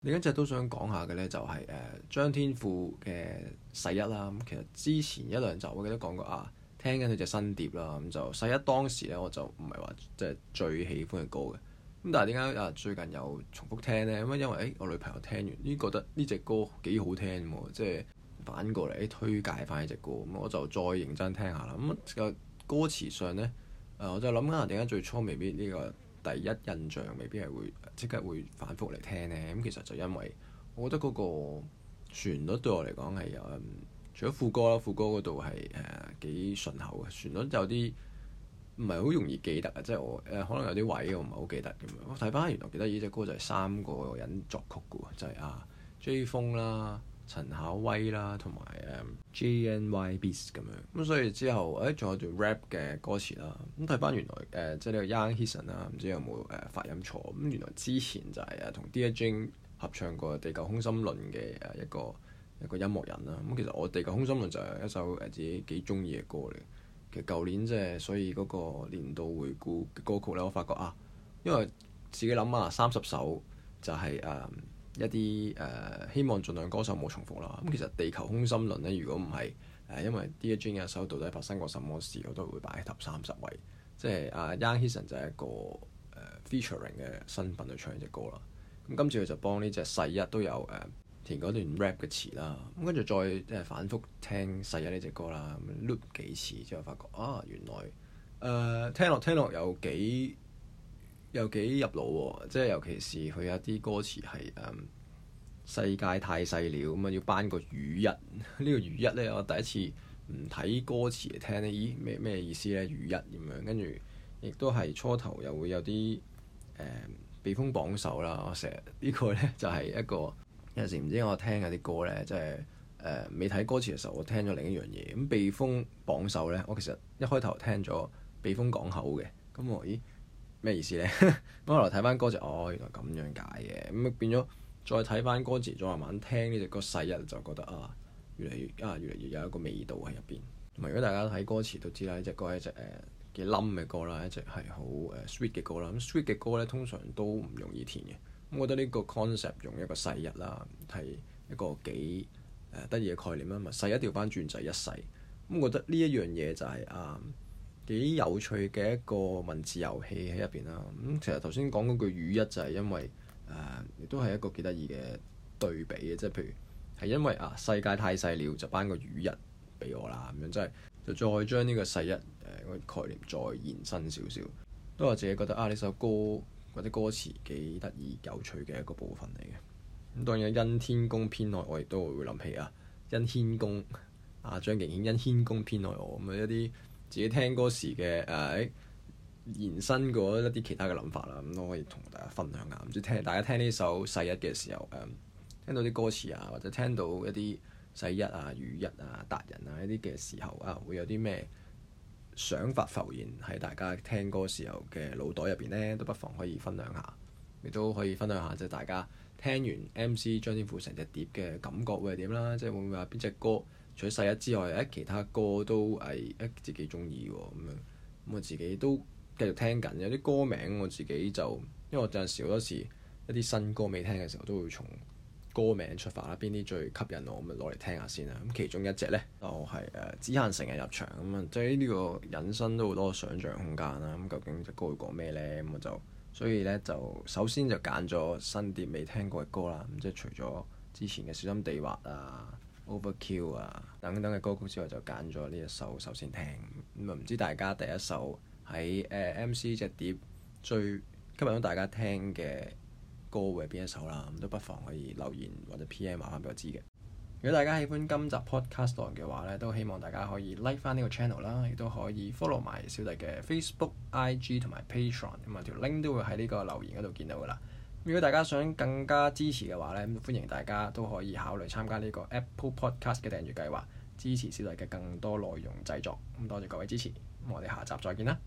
另一隻都想講下嘅咧、就是，就係誒張天賦嘅世一啦。咁其實之前一兩集我記得講過啊，聽緊佢隻新碟啦。咁、啊、就世一當時咧，我就唔係話即係最喜歡嘅歌嘅。咁但係點解啊最近又重複聽咧？咁因為誒、欸、我女朋友聽完呢覺得呢隻歌幾好聽，即係反過嚟推介翻呢隻歌。咁我就再認真聽下啦。咁、那、啊、個、歌詞上咧誒、呃、我就諗緊啊點解最初未必呢、這個。第一印象未必係會即刻會反覆嚟聽呢。咁其實就因為我覺得嗰個旋律對我嚟講係誒，除咗副歌啦，副歌嗰度係誒幾順口嘅，旋律有啲唔係好容易記得啊，即、就、係、是、我誒、呃、可能有啲位我唔係好記得咁樣。我睇翻原來幾得呢隻歌就係三個人作曲嘅喎，就係、是、啊，追 a 啦。陳考威啦，同埋誒 JNYBeatz 咁樣，咁所以之後誒仲、欸、有段 rap 嘅歌詞啦。咁睇翻原來誒，即係呢個 Young Hysan 啊，唔知有冇誒發音錯。咁原來之前就係誒同 DJ a 合唱過《地球空心論》嘅誒一個一個音樂人啦。咁、嗯、其實我《地球空心論》就係一首誒自己幾中意嘅歌嚟。其實舊年即係所以嗰個年度回顧嘅歌曲咧，我發覺啊，因為自己諗下三十首就係、是、誒。Um, 一啲誒、呃、希望盡量歌手冇重複啦。咁其實《地球空心論》咧，如果唔係誒，因為 Dear Jane 嘅一首到底發生過什麼事，我都會擺喺頭三十位。即係阿 Young Hysan、嗯啊、就係一個誒、呃、featuring 嘅身份去唱隻歌啦。咁跟住佢就幫呢隻世一都有誒、呃、填嗰段 rap 嘅詞啦。咁跟住再即係、呃、反覆聽世一呢隻歌啦、嗯、，loop 幾次之後發覺啊，原來誒、呃、聽落聽落有幾～又幾入腦喎、啊，即係尤其是佢有啲歌詞係、嗯、世界太細了，咁啊要頒 個世一呢個世一呢，我第一次唔睇歌詞嚟聽咧，咦咩咩意思呢？世一咁樣，跟住亦都係初頭又會有啲、嗯、避被風榜首啦。我成日呢個呢，就係、是、一個有陣時唔知我聽嗰啲歌呢，即係誒未睇歌詞嘅時候，我聽咗另一樣嘢。咁、嗯、避風榜首呢，我其實一開頭聽咗避風港口嘅，咁我咦？咩意思呢？咁 後來睇翻歌詞，哦，原來咁樣解嘅，咁變咗再睇翻歌詞，再慢慢聽呢隻歌，世一就覺得啊，越嚟越啊，越嚟越有一個味道喺入邊。同埋如果大家睇歌詞都知啦，呢隻歌係一隻誒幾冧嘅歌啦，一隻係好 sweet 嘅歌啦。咁 sweet 嘅歌呢，通常都唔容易填嘅。咁我覺得呢個 concept 用一個世一啦，係一個幾得意嘅概念啦。咪世一掉翻轉就係一世。咁我覺得呢一樣嘢就係、是、啊～幾有趣嘅一個文字遊戲喺入邊啦。咁其實頭先講嗰句世一就係因為誒，亦都係一個幾得意嘅對比嘅，即係譬如係因為啊世界太細了，就頒個世一俾我啦，咁樣即係就再將呢個世一誒、呃、概念再延伸少少，都係自己覺得啊呢首歌或者歌詞幾得意有趣嘅一個部分嚟嘅。咁當然因天公偏愛我，亦都會會諗起啊因天公啊張敬軒因天公偏愛我咁啊一啲。自己聽歌時嘅誒、啊，延伸過一啲其他嘅諗法啦，咁都可以同大家分享下。唔知聽大家聽呢首《世一》嘅時候，誒、啊、聽到啲歌詞啊，或者聽到一啲《世一》啊、《雨日》啊、《達人》啊一啲嘅時候啊，會有啲咩想法浮現喺大家聽歌時候嘅腦袋入邊咧，都不妨可以分享下。亦都可以分享下，即、就、係、是、大家聽完 M.C. 張天賦成隻碟嘅感覺會係點啦？即、就、係、是、會唔會話邊隻歌？除咗世一之外，誒其他歌都係誒自己中意喎，咁樣咁我自己都繼續聽緊，有啲歌名我自己就，因為我有陣時好多時一啲新歌未聽嘅時候，都會從歌名出發啦，邊啲最吸引我，咁咪攞嚟聽下先啦。咁、嗯、其中一隻咧，就係誒《只、啊、限成日入場》，咁啊，即係呢個引申都好多想像空間啦。咁、嗯、究竟隻歌會講咩咧？咁、嗯、我就所以咧就首先就揀咗新碟未聽過嘅歌啦。咁、嗯、即係除咗之前嘅《小心地滑》啊。Overkill 啊等等嘅歌曲之外，就揀咗呢一首首先聽。咁啊唔知大家第一首喺、呃、MC 隻碟最吸引到大家聽嘅歌會係邊一首啦？咁都不妨可以留言或者 PM 話返俾我知嘅。 如果大家喜歡今集 Podcast 嘅話咧，都希望大家可以 like 翻呢個 channel 啦，亦都可以 follow 埋小弟嘅 Facebook、IG 同埋 Patreon。咁啊條 link 都會喺呢個留言嗰度見到噶啦。如果大家想更加支持嘅話咧，歡迎大家都可以考慮參加呢個 Apple Podcast 嘅訂閱計劃，支持小弟嘅更多內容製作。咁多謝各位支持，我哋下集再見啦。